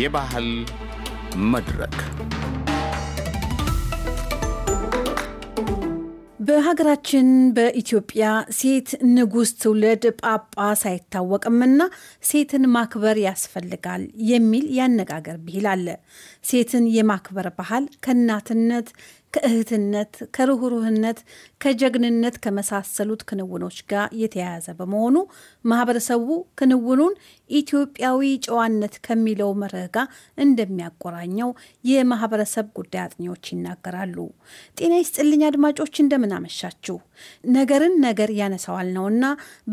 የባህል መድረክ በሀገራችን በኢትዮጵያ ሴት ንጉሥ ትውልድ ጳጳስ አይታወቅምና ሴትን ማክበር ያስፈልጋል የሚል ያነጋገር ብሂል አለ። ሴትን የማክበር ባህል ከእናትነት ከእህትነት፣ ከርኅሩህነት፣ ከጀግንነት ከመሳሰሉት ክንውኖች ጋር የተያያዘ በመሆኑ ማህበረሰቡ ክንውኑን ኢትዮጵያዊ ጨዋነት ከሚለው መርህ ጋር እንደሚያቆራኘው የማህበረሰብ ጉዳይ አጥኚዎች ይናገራሉ። ጤና ይስጥልኝ አድማጮች፣ እንደምን አመሻችሁ። ነገርን ነገር ያነሳዋል ነውና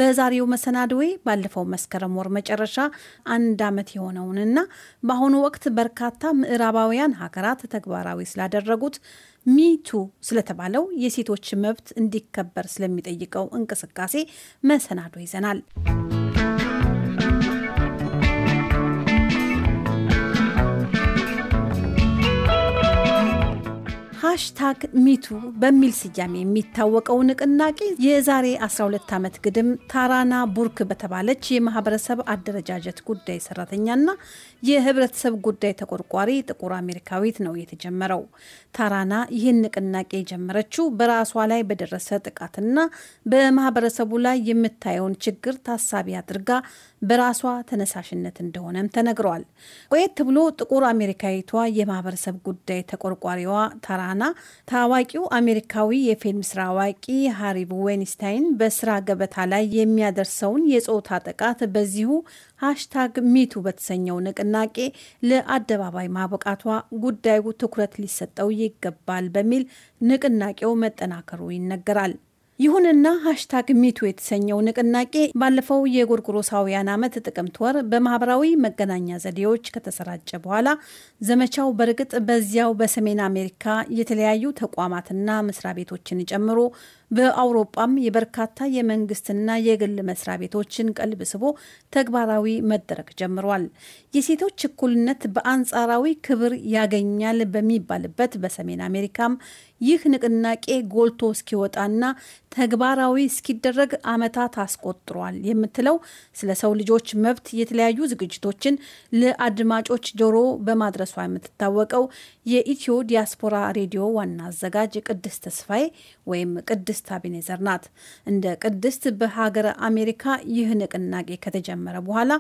በዛሬው መሰናድዌ ባለፈው መስከረም ወር መጨረሻ አንድ ዓመት የሆነውንና በአሁኑ ወቅት በርካታ ምዕራባውያን ሀገራት ተግባራዊ ስላደረጉት ሚቱ ስለተባለው የሴቶች መብት እንዲከበር ስለሚጠይቀው እንቅስቃሴ መሰናዶ ይዘናል። ሃሽታግ ሚቱ በሚል ስያሜ የሚታወቀው ንቅናቄ የዛሬ 12 ዓመት ግድም ታራና ቡርክ በተባለች የማህበረሰብ አደረጃጀት ጉዳይ ሰራተኛና የህብረተሰብ ጉዳይ ተቆርቋሪ ጥቁር አሜሪካዊት ነው የተጀመረው። ታራና ይህን ንቅናቄ የጀመረችው በራሷ ላይ በደረሰ ጥቃትና በማህበረሰቡ ላይ የምታየውን ችግር ታሳቢ አድርጋ በራሷ ተነሳሽነት እንደሆነም ተነግሯል። ቆየት ብሎ ጥቁር አሜሪካዊቷ የማህበረሰብ ጉዳይ ተቆርቋሪዋ ታራና እና ታዋቂው አሜሪካዊ የፊልም ስራ አዋቂ ሃሪ ዌንስታይን በስራ ገበታ ላይ የሚያደርሰውን የጾታ ጥቃት በዚሁ ሃሽታግ ሚቱ በተሰኘው ንቅናቄ ለአደባባይ ማበቃቷ ጉዳዩ ትኩረት ሊሰጠው ይገባል በሚል ንቅናቄው መጠናከሩ ይነገራል። ይሁንና ሀሽታግ ሚቱ የተሰኘው ንቅናቄ ባለፈው የጎርጎሮሳውያን ዓመት ጥቅምት ወር በማህበራዊ መገናኛ ዘዴዎች ከተሰራጨ በኋላ ዘመቻው በእርግጥ በዚያው በሰሜን አሜሪካ የተለያዩ ተቋማትና መስሪያ ቤቶችን ጨምሮ በአውሮጳም የበርካታ የመንግስትና የግል መስሪያ ቤቶችን ቀልብ ስቦ ተግባራዊ መደረግ ጀምሯል። የሴቶች እኩልነት በአንጻራዊ ክብር ያገኛል በሚባልበት በሰሜን አሜሪካም ይህ ንቅናቄ ጎልቶ እስኪወጣና ተግባራዊ እስኪደረግ ዓመታት አስቆጥሯል የምትለው ስለ ሰው ልጆች መብት የተለያዩ ዝግጅቶችን ለአድማጮች ጆሮ በማድረሷ የምትታወቀው የኢትዮ ዲያስፖራ ሬዲዮ ዋና አዘጋጅ ቅድስት ተስፋዬ ወይም ቅድስት ቅድስት አቤኔዘር ናት። እንደ ቅድስት በሀገረ አሜሪካ ይህ ንቅናቄ ከተጀመረ በኋላ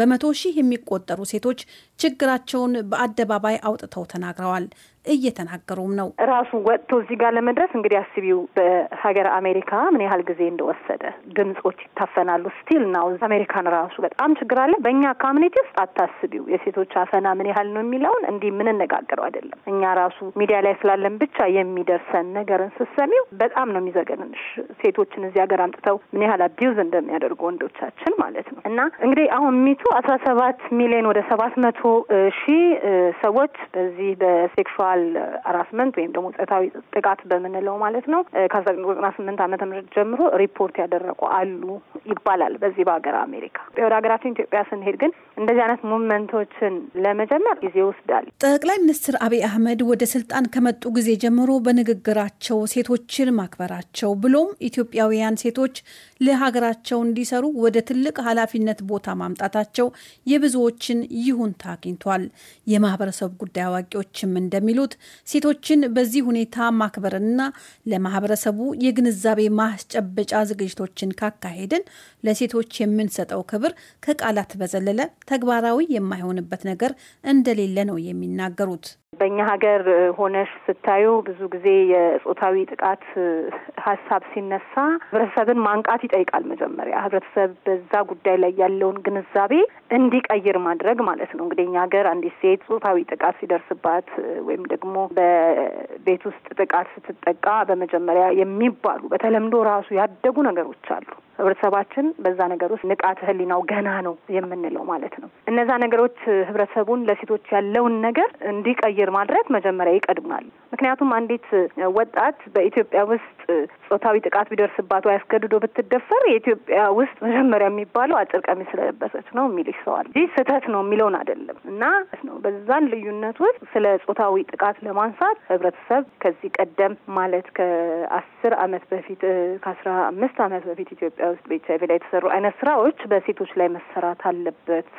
በመቶ ሺህ የሚቆጠሩ ሴቶች ችግራቸውን በአደባባይ አውጥተው ተናግረዋል። እየተናገሩም ነው። ራሱን ወጥቶ እዚህ ጋር ለመድረስ እንግዲህ አስቢው በሀገር አሜሪካ ምን ያህል ጊዜ እንደወሰደ ድምጾች ይታፈናሉ። ስቲል ናው አሜሪካን ራሱ በጣም ችግር አለ። በእኛ ካሚኒቲ ውስጥ አታስቢው የሴቶች አፈና ምን ያህል ነው የሚለውን እንዲህ የምንነጋገረው አይደለም። እኛ ራሱ ሚዲያ ላይ ስላለን ብቻ የሚደርሰን ነገርን ስትሰሚው በጣም ነው የሚዘገንንሽ። ሴቶችን እዚህ ሀገር አምጥተው ምን ያህል አቢውዝ እንደሚያደርጉ ወንዶቻችን ማለት ነው። እና እንግዲህ አሁን ሚቱ አስራ ሰባት ሚሊዮን ወደ ሰባት መቶ ሺህ ሰዎች በዚህ በሴክሹዋል ሴክሹዋል አራስመንት ወይም ደግሞ ጾታዊ ጥቃት በምንለው ማለት ነው ከአስራ ዘጠና ስምንት ዓመተ ምህረት ጀምሮ ሪፖርት ያደረጉ አሉ ይባላል በዚህ በሀገር አሜሪካ። ወደ ሀገራችን ኢትዮጵያ ስንሄድ ግን እንደዚህ አይነት ሙመንቶችን ለመጀመር ጊዜ ይወስዳል። ጠቅላይ ሚኒስትር አብይ አህመድ ወደ ስልጣን ከመጡ ጊዜ ጀምሮ በንግግራቸው ሴቶችን ማክበራቸው ብሎም ኢትዮጵያውያን ሴቶች ለሀገራቸው እንዲሰሩ ወደ ትልቅ ኃላፊነት ቦታ ማምጣታቸው የብዙዎችን ይሁንታ አግኝቷል። የማህበረሰብ ጉዳይ አዋቂዎችም እንደሚሉ የሚሉት ሴቶችን በዚህ ሁኔታ ማክበርና ለማህበረሰቡ የግንዛቤ ማስጨበጫ ዝግጅቶችን ካካሄድን ለሴቶች የምንሰጠው ክብር ከቃላት በዘለለ ተግባራዊ የማይሆንበት ነገር እንደሌለ ነው የሚናገሩት። በእኛ ሀገር ሆነሽ ስታዩ ብዙ ጊዜ የጾታዊ ጥቃት ሀሳብ ሲነሳ ህብረተሰብን ማንቃት ይጠይቃል። መጀመሪያ ህብረተሰብ በዛ ጉዳይ ላይ ያለውን ግንዛቤ እንዲቀይር ማድረግ ማለት ነው። እንግዲህ እኛ ሀገር አንዲት ሴት ጾታዊ ጥቃት ሲደርስባት ወይም ደግሞ በቤት ውስጥ ጥቃት ስትጠቃ በመጀመሪያ የሚባሉ በተለምዶ ራሱ ያደጉ ነገሮች አሉ። ህብረተሰባችን በዛ ነገር ውስጥ ንቃተ ህሊናው ገና ነው የምንለው ማለት ነው። እነዛ ነገሮች ህብረተሰቡን ለሴቶች ያለውን ነገር እንዲቀይር ኢንተርፌር ማድረግ መጀመሪያ ይቀድማል። ምክንያቱም አንዲት ወጣት በኢትዮጵያ ውስጥ ጾታዊ ጥቃት ቢደርስባት ወይ አስገድዶ ብትደፈር የኢትዮጵያ ውስጥ መጀመሪያ የሚባለው አጭር ቀሚስ ስለለበሰች ነው የሚልሽ ሰዋል እንጂ ስህተት ነው የሚለውን አይደለም። እና በዛን ልዩነት ውስጥ ስለ ጾታዊ ጥቃት ለማንሳት ህብረተሰብ ከዚህ ቀደም ማለት ከአስር አመት በፊት ከአስራ አምስት አመት በፊት ኢትዮጵያ ውስጥ በኤች አይቪ ላይ የተሰሩ አይነት ስራዎች በሴቶች ላይ መሰራት አለበት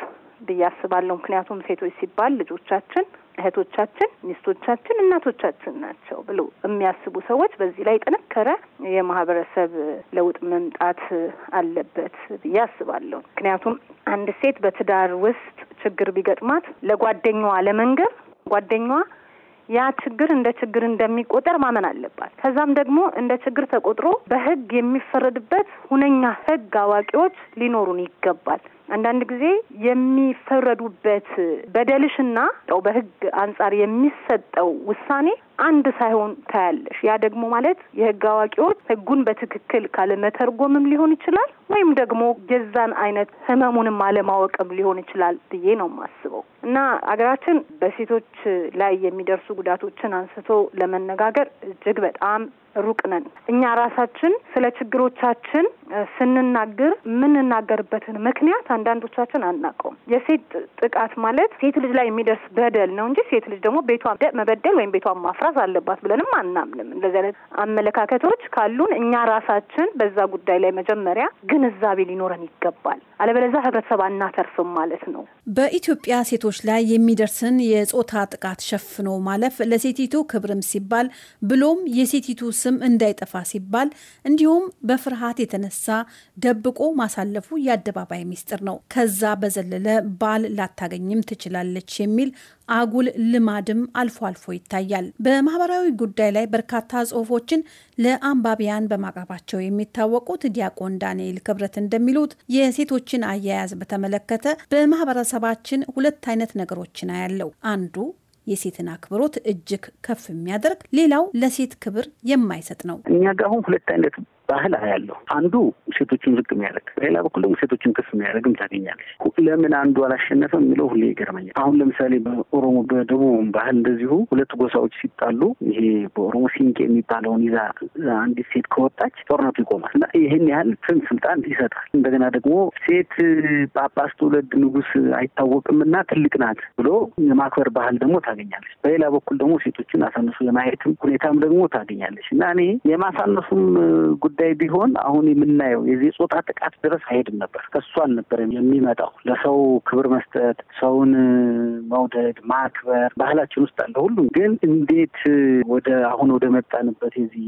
ብዬ አስባለሁ። ምክንያቱም ሴቶች ሲባል ልጆቻችን እህቶቻችን፣ ሚስቶቻችን፣ እናቶቻችን ናቸው ብለው የሚያስቡ ሰዎች በዚህ ላይ ጠነከረ የማህበረሰብ ለውጥ መምጣት አለበት ብዬ አስባለሁ። ምክንያቱም አንድ ሴት በትዳር ውስጥ ችግር ቢገጥማት ለጓደኛዋ ለመንገር ጓደኛዋ ያ ችግር እንደ ችግር እንደሚቆጠር ማመን አለባት። ከዛም ደግሞ እንደ ችግር ተቆጥሮ በህግ የሚፈረድበት ሁነኛ ህግ አዋቂዎች ሊኖሩን ይገባል። አንዳንድ ጊዜ የሚፈረዱበት በደልሽና በህግ አንጻር የሚሰጠው ውሳኔ አንድ ሳይሆን ታያለሽ። ያ ደግሞ ማለት የህግ አዋቂዎች ህጉን በትክክል ካለመተርጎምም ሊሆን ይችላል ወይም ደግሞ የዛን አይነት ህመሙንም አለማወቅም ሊሆን ይችላል ብዬ ነው የማስበው እና አገራችን በሴቶች ላይ የሚደርሱ ጉዳቶችን አንስቶ ለመነጋገር እጅግ በጣም ሩቅ ነን። እኛ ራሳችን ስለ ችግሮቻችን ስንናገር የምንናገርበትን ምክንያት አንዳንዶቻችን አናውቀውም። የሴት ጥቃት ማለት ሴት ልጅ ላይ የሚደርስ በደል ነው እንጂ ሴት ልጅ ደግሞ ቤቷ መበደል ወይም ቤቷ ማፍራት አለባት ብለንም አናምንም። እንደዚህ አይነት አመለካከቶች ካሉን እኛ ራሳችን በዛ ጉዳይ ላይ መጀመሪያ ግንዛቤ ሊኖረን ይገባል። አለበለዚያ ህብረተሰብ አናተርፍም ማለት ነው። በኢትዮጵያ ሴቶች ላይ የሚደርስን የጾታ ጥቃት ሸፍኖ ማለፍ ለሴቲቱ ክብርም ሲባል ብሎም የሴቲቱ ስም እንዳይጠፋ ሲባል እንዲሁም በፍርሃት የተነሳ ደብቆ ማሳለፉ የአደባባይ ሚስጥር ነው። ከዛ በዘለለ ባል ላታገኝም ትችላለች የሚል አጉል ልማድም አልፎ አልፎ ይታያል። በማህበራዊ ጉዳይ ላይ በርካታ ጽሁፎችን ለአንባቢያን በማቅረባቸው የሚታወቁት ዲያቆን ዳንኤል ክብረት እንደሚሉት የሴቶችን አያያዝ በተመለከተ በማህበረሰባችን ሁለት አይነት ነገሮችን አያለው። አንዱ የሴትን አክብሮት እጅግ ከፍ የሚያደርግ ሌላው ለሴት ክብር የማይሰጥ ነው። እኛ ጋር አሁን ሁለት አይነት ባህል ያለው አንዱ ሴቶችን ዝቅ የሚያደርግ በሌላ በኩል ደግሞ ሴቶችን ከፍ የሚያደርግም ታገኛለች። ለምን አንዱ አላሸነፈም የሚለው ሁሌ ይገርመኛል። አሁን ለምሳሌ በኦሮሞ በደቡብ ባህል እንደዚሁ ሁለት ጎሳዎች ሲጣሉ ይሄ በኦሮሞ ሲንቄ የሚባለውን ይዛ አንዲት ሴት ከወጣች ጦርነቱ ይቆማል እና ይህን ያህል ትን ስልጣን ይሰጣል። እንደገና ደግሞ ሴት ጳጳስ ትውለድ አይታወቅም እና ትልቅ ናት ብሎ የማክበር ባህል ደግሞ ታገኛለች። በሌላ በኩል ደግሞ ሴቶችን አሳንሱ የማየትም ሁኔታም ደግሞ ታገኛለች እና እኔ የማሳነሱም ጉዳይ ቢሆን አሁን የምናየው የዚህ ጾታ ጥቃት ድረስ አይሄድም ነበር። ከሱ ነበር የሚመጣው። ለሰው ክብር መስጠት፣ ሰውን መውደድ፣ ማክበር ባህላችን ውስጥ አለ ሁሉም። ግን እንዴት ወደ አሁን ወደ መጣንበት የዚህ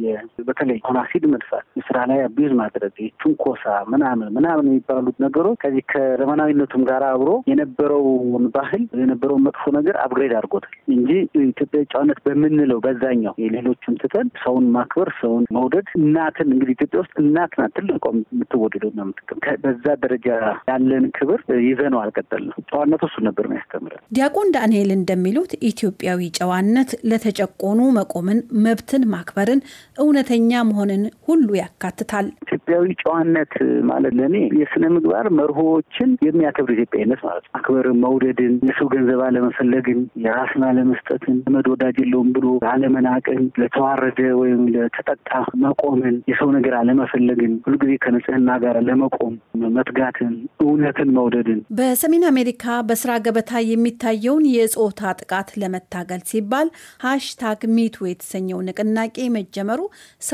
በተለይ አሁን አሲድ መድፋት፣ ስራ ላይ አቢዝ ማድረግ፣ ትንኮሳ ምናምን ምናምን የሚባሉት ነገሮች ከዚህ ከዘመናዊነቱም ጋር አብሮ የነበረውን ባህል የነበረውን መጥፎ ነገር አፕግሬድ አድርጎታል እንጂ ኢትዮጵያ ጨዋነት በምንለው በዛኛው የሌሎቹን ትተን ሰውን ማክበር፣ ሰውን መውደድ እናትን እንግዲህ ኢትዮጵያ ውስጥ እናት ናት ትልቋ የምትወደደው እና የምትቀም በዛ ደረጃ ያለን ክብር ይዘነው አልቀጠልንም። ጨዋነት እሱ ነበር ያስተምረን። ዲያቆን ዳንኤል እንደሚሉት ኢትዮጵያዊ ጨዋነት ለተጨቆኑ መቆምን፣ መብትን ማክበርን፣ እውነተኛ መሆንን ሁሉ ያካትታል። ኢትዮጵያዊ ጨዋነት ማለት ለእኔ የስነ ምግባር መርሆዎችን የሚያከብር ኢትዮጵያዊነት ማለት ነው። አክበር መውደድን፣ የሰው ገንዘብ አለመፈለግን፣ የራስን አለመስጠትን፣ ዘመድ ወዳጅ የለውም ብሎ አለመናቅን፣ ለተዋረደ ወይም ለተጠቃ መቆምን፣ የሰው ነገር አለመፈለግን፣ ሁልጊዜ ከንጽህና ጋር ለመቆም መትጋትን፣ እውነትን መውደድን በሰሜን አሜሪካ በስራ ገበታ የሚታየውን የጾታ ጥቃት ለመታገል ሲባል ሃሽታግ ሚቱ የተሰኘው ንቅናቄ መጀመሩ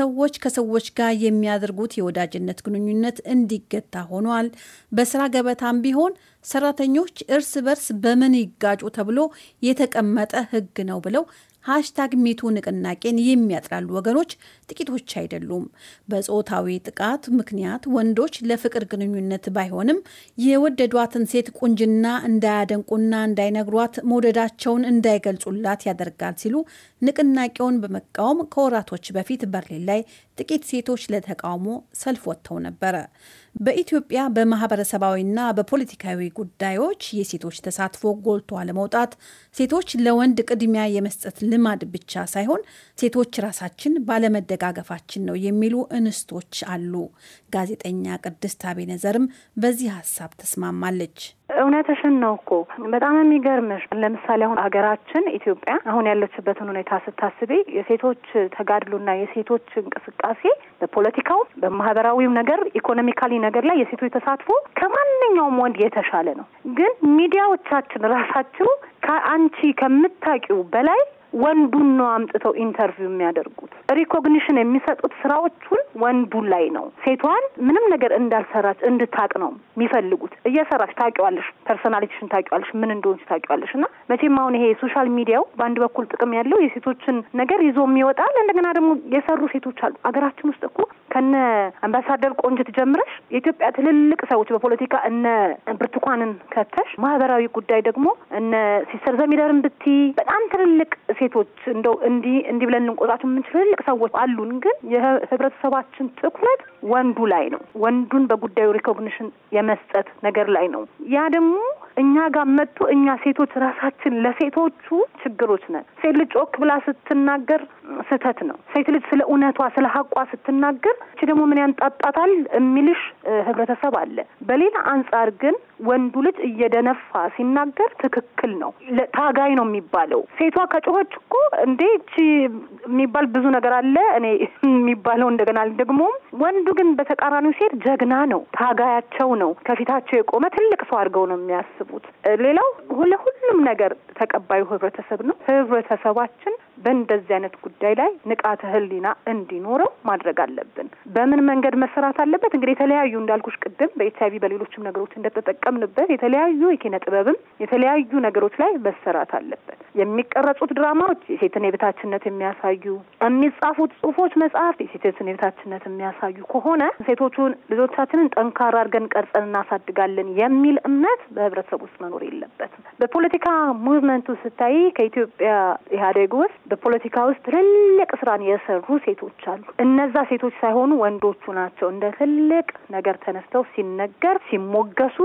ሰዎች ከሰዎች ጋር የሚያደርጉት የወዳ የወዳጅነት ግንኙነት እንዲገታ ሆኗል። በስራ ገበታም ቢሆን ሰራተኞች እርስ በርስ በምን ይጋጩ ተብሎ የተቀመጠ ሕግ ነው ብለው ሃሽታግ ሚቱ ንቅናቄን የሚያጥላሉ ወገኖች ጥቂቶች አይደሉም። በጾታዊ ጥቃት ምክንያት ወንዶች ለፍቅር ግንኙነት ባይሆንም የወደዷትን ሴት ቁንጅና እንዳያደንቁና እንዳይነግሯት መውደዳቸውን እንዳይገልጹላት ያደርጋል ሲሉ ንቅናቄውን በመቃወም ከወራቶች በፊት በርሊን ላይ ጥቂት ሴቶች ለተቃውሞ ሰልፍ ወጥተው ነበረ። በኢትዮጵያ በማህበረሰባዊና በፖለቲካዊ ጉዳዮች የሴቶች ተሳትፎ ጎልቶ አለመውጣት፣ ሴቶች ለወንድ ቅድሚያ የመስጠት ልማድ ብቻ ሳይሆን ሴቶች ራሳችን ባለመደጋገፋችን ነው የሚሉ እንስቶች አሉ። ጋዜጠኛ ቅድስት አቤነዘርም በዚህ ሀሳብ ተስማማለች። እውነትሽን ነው እኮ በጣም የሚገርምሽ። ለምሳሌ አሁን ሀገራችን ኢትዮጵያ አሁን ያለችበትን ሁኔታ ስታስቢ የሴቶች ተጋድሎና የሴቶች እንቅስቃሴ በፖለቲካው በማህበራዊው ነገር ኢኮኖሚካሊ ነገር ላይ የሴቶች ተሳትፎ ከማንኛውም ወንድ የተሻለ ነው። ግን ሚዲያዎቻችን ራሳችሁ ከአንቺ ከምታውቂው በላይ ወንዱን ነው አምጥተው ኢንተርቪው የሚያደርጉት። ሪኮግኒሽን የሚሰጡት ስራዎቹን ወንዱ ላይ ነው። ሴቷን ምንም ነገር እንዳልሰራች እንድታቅ ነው የሚፈልጉት። እየሰራች ታውቂዋለሽ፣ ፐርሶናሊቲሽን ታውቂዋለሽ፣ ምን እንደሆንች ታውቂዋለሽ። እና መቼም አሁን ይሄ ሶሻል ሚዲያው በአንድ በኩል ጥቅም ያለው የሴቶችን ነገር ይዞም ይወጣል። እንደገና ደግሞ የሰሩ ሴቶች አሉ አገራችን ውስጥ እኮ ከነ አምባሳደር ቆንጅት ጀምረሽ የኢትዮጵያ ትልልቅ ሰዎች በፖለቲካ እነ ብርቱካንን ከተሽ ማህበራዊ ጉዳይ ደግሞ እነ ሲስተር ዘሚደርን ብቲ በጣም ትልልቅ ሴቶች እንደው እንዲ እንዲህ ብለን ልንቆጣቸው የምንችል ትልልቅ ሰዎች አሉን። ግን የህብረተሰባችን ትኩረት ወንዱ ላይ ነው። ወንዱን በጉዳዩ ሪኮግኒሽን የመስጠት ነገር ላይ ነው። ያ ደግሞ እኛ ጋር መጥቶ እኛ ሴቶች ራሳችን ለሴቶቹ ችግሮች ነን። ሴት ልጅ ጮክ ብላ ስትናገር ስህተት ነው። ሴት ልጅ ስለ እውነቷ ስለ ሀቋ ስትናገር እች ደግሞ ምን ያንጣጣታል የሚልሽ ህብረተሰብ አለ። በሌላ አንጻር ግን ወንዱ ልጅ እየደነፋ ሲናገር ትክክል ነው፣ ታጋይ ነው የሚባለው። ሴቷ ከጮኸች እኮ እንዴ እቺ የሚባል ብዙ ነገር አለ እኔ የሚባለው እንደገና ደግሞ ወንዱ ግን በተቃራኒው ሴት ጀግና ነው፣ ታጋያቸው ነው፣ ከፊታቸው የቆመ ትልቅ ሰው አድርገው ነው የሚያስ የሚያስቡት። ሌላው ለሁሉም ነገር ተቀባዩ ህብረተሰብ ነው። ህብረተሰባችን በእንደዚህ አይነት ጉዳይ ላይ ንቃተ ህሊና እንዲኖረው ማድረግ አለብን። በምን መንገድ መሰራት አለበት? እንግዲህ የተለያዩ እንዳልኩሽ ቅድም በኤች አይቪ በሌሎችም ነገሮች እንደተጠቀምንበት የተለያዩ የኪነ ጥበብም የተለያዩ ነገሮች ላይ መሰራት አለበት። የሚቀረጹት ድራማዎች የሴትን የበታችነት የሚያሳዩ የሚጻፉት ጽሁፎች፣ መጽሐፍት የሴትን የበታችነት የሚያሳዩ ከሆነ ሴቶቹን ልጆቻችንን ጠንካራ አድርገን ቀርጸን እናሳድጋለን የሚል እምነት በህብረተሰብ ውስጥ መኖር የለበትም። በፖለቲካ ሙቭመንቱ ስታይ ከኢትዮጵያ ኢህአዴግ ውስጥ በፖለቲካ ውስጥ ትልቅ ስራን የሰሩ ሴቶች አሉ። እነዛ ሴቶች ሳይሆኑ ወንዶቹ ናቸው እንደ ትልቅ ነገር ተነስተው ሲነገር፣ ሲሞገሱ፣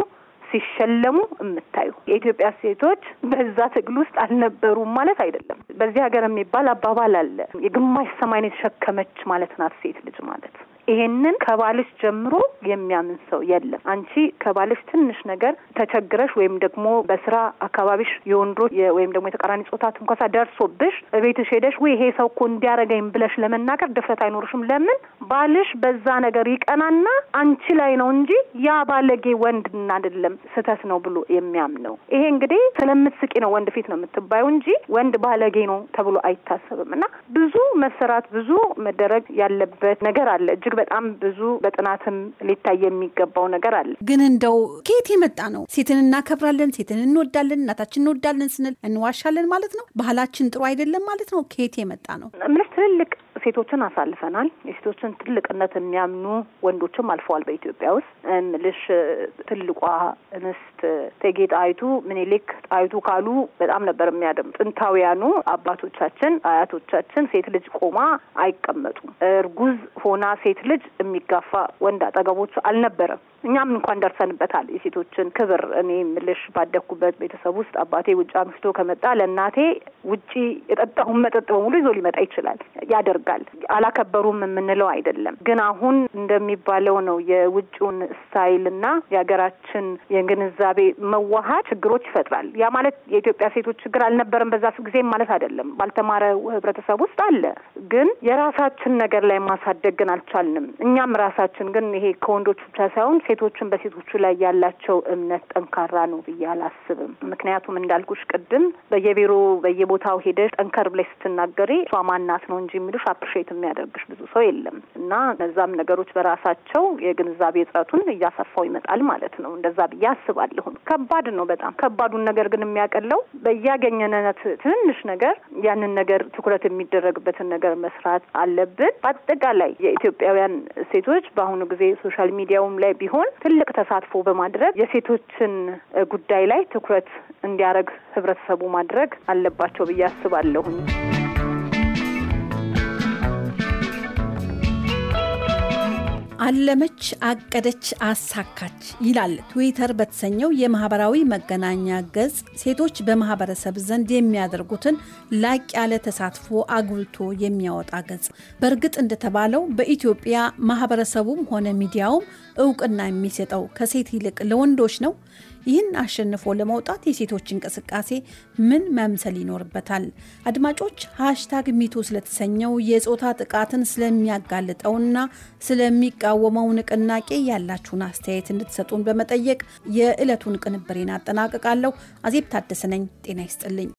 ሲሸለሙ የምታዩ። የኢትዮጵያ ሴቶች በዛ ትግል ውስጥ አልነበሩም ማለት አይደለም። በዚህ ሀገር የሚባል አባባል አለ፣ የግማሽ ሰማይን የተሸከመች ማለት ናት ሴት ልጅ ማለት ይሄንን ከባልሽ ጀምሮ የሚያምን ሰው የለም። አንቺ ከባልሽ ትንሽ ነገር ተቸግረሽ ወይም ደግሞ በስራ አካባቢሽ የወንዶች ወይም ደግሞ የተቃራኒ ጾታ ትንኮሳ ደርሶብሽ ቤትሽ ሄደሽ ወይ ይሄ ሰው እኮ እንዲያረገኝ ብለሽ ለመናገር ድፍረት አይኖርሽም። ለምን ባልሽ በዛ ነገር ይቀናና አንቺ ላይ ነው እንጂ ያ ባለጌ ወንድ አይደለም ስህተት ነው ብሎ የሚያምነው። ይሄ እንግዲህ ስለምትስቂ ነው ወንድ ፊት ነው የምትባዩ እንጂ ወንድ ባለጌ ነው ተብሎ አይታሰብም። እና ብዙ መሰራት ብዙ መደረግ ያለበት ነገር አለ እጅግ በጣም ብዙ በጥናትም ሊታይ የሚገባው ነገር አለ። ግን እንደው ከየት የመጣ ነው? ሴትን እናከብራለን፣ ሴትን እንወዳለን፣ እናታችን እንወዳለን ስንል እንዋሻለን ማለት ነው። ባህላችን ጥሩ አይደለም ማለት ነው። ከየት የመጣ ነው? ምንስ ትልልቅ ሴቶችን አሳልፈናል። የሴቶችን ትልቅነት የሚያምኑ ወንዶችም አልፈዋል። በኢትዮጵያ ውስጥ እምልሽ ትልቋ እንስት እቴጌ ጣይቱ፣ ምኒልክ፣ ጣይቱ ካሉ በጣም ነበር የሚያደም ጥንታውያኑ አባቶቻችን፣ አያቶቻችን ሴት ልጅ ቆማ አይቀመጡም። እርጉዝ ሆና ሴት ልጅ የሚጋፋ ወንድ አጠገቦቹ አልነበረም። እኛም እንኳን ደርሰንበታል። የሴቶችን ክብር እኔ ምልሽ ባደግኩበት ቤተሰብ ውስጥ አባቴ ውጭ አምሽቶ ከመጣ ለእናቴ ውጪ የጠጣሁን መጠጥ በሙሉ ይዞ ሊመጣ ይችላል። ያደርጋል። አላከበሩም የምንለው አይደለም፣ ግን አሁን እንደሚባለው ነው። የውጭውን ስታይልና የሀገራችን የግንዛቤ መዋሃድ ችግሮች ይፈጥራል። ያ ማለት የኢትዮጵያ ሴቶች ችግር አልነበረም በዛ ጊዜም ማለት አይደለም። ባልተማረ ህብረተሰብ ውስጥ አለ፣ ግን የራሳችን ነገር ላይ ማሳደግ ግን አልቻልንም። እኛም ራሳችን ግን ይሄ ከወንዶች ብቻ ሳይሆን ሴቶችን በሴቶቹ ላይ ያላቸው እምነት ጠንካራ ነው ብዬ አላስብም። ምክንያቱም እንዳልኩሽ ቅድም በየቢሮ በየቦታው ሄደሽ ጠንከር ብለሽ ስትናገሪ እሷ ማናት ነው እንጂ የሚሉሽ አፕሪሼት የሚያደርግሽ ብዙ ሰው የለም እና እነዛም ነገሮች በራሳቸው የግንዛቤ እጥረቱን እያሰፋው ይመጣል ማለት ነው። እንደዛ ብዬ አስባለሁ። ከባድ ነው በጣም ከባዱን ነገር ግን የሚያቀለው በያገኘነት ትንንሽ ነገር ያንን ነገር ትኩረት የሚደረግበትን ነገር መስራት አለብን። በአጠቃላይ የኢትዮጵያውያን ሴቶች በአሁኑ ጊዜ ሶሻል ሚዲያውም ላይ ቢሆን ሲሆን ትልቅ ተሳትፎ በማድረግ የሴቶችን ጉዳይ ላይ ትኩረት እንዲያደርግ ህብረተሰቡ ማድረግ አለባቸው ብዬ አስባለሁኝ። አለመች፣ አቀደች፣ አሳካች ይላል ትዊተር በተሰኘው የማህበራዊ መገናኛ ገጽ ሴቶች በማህበረሰብ ዘንድ የሚያደርጉትን ላቅ ያለ ተሳትፎ አጉልቶ የሚያወጣ ገጽ። በእርግጥ እንደተባለው በኢትዮጵያ ማህበረሰቡም ሆነ ሚዲያውም እውቅና የሚሰጠው ከሴት ይልቅ ለወንዶች ነው? ይህን አሸንፎ ለመውጣት የሴቶች እንቅስቃሴ ምን መምሰል ይኖርበታል? አድማጮች፣ ሃሽታግ ሚቱ ስለተሰኘው የጾታ ጥቃትን ስለሚያጋልጠውና ስለሚቃወመው ንቅናቄ ያላችሁን አስተያየት እንድትሰጡን በመጠየቅ የዕለቱን ቅንብሬን አጠናቅቃለሁ። አዜብ ታደሰ ነኝ። ጤና ይስጥልኝ።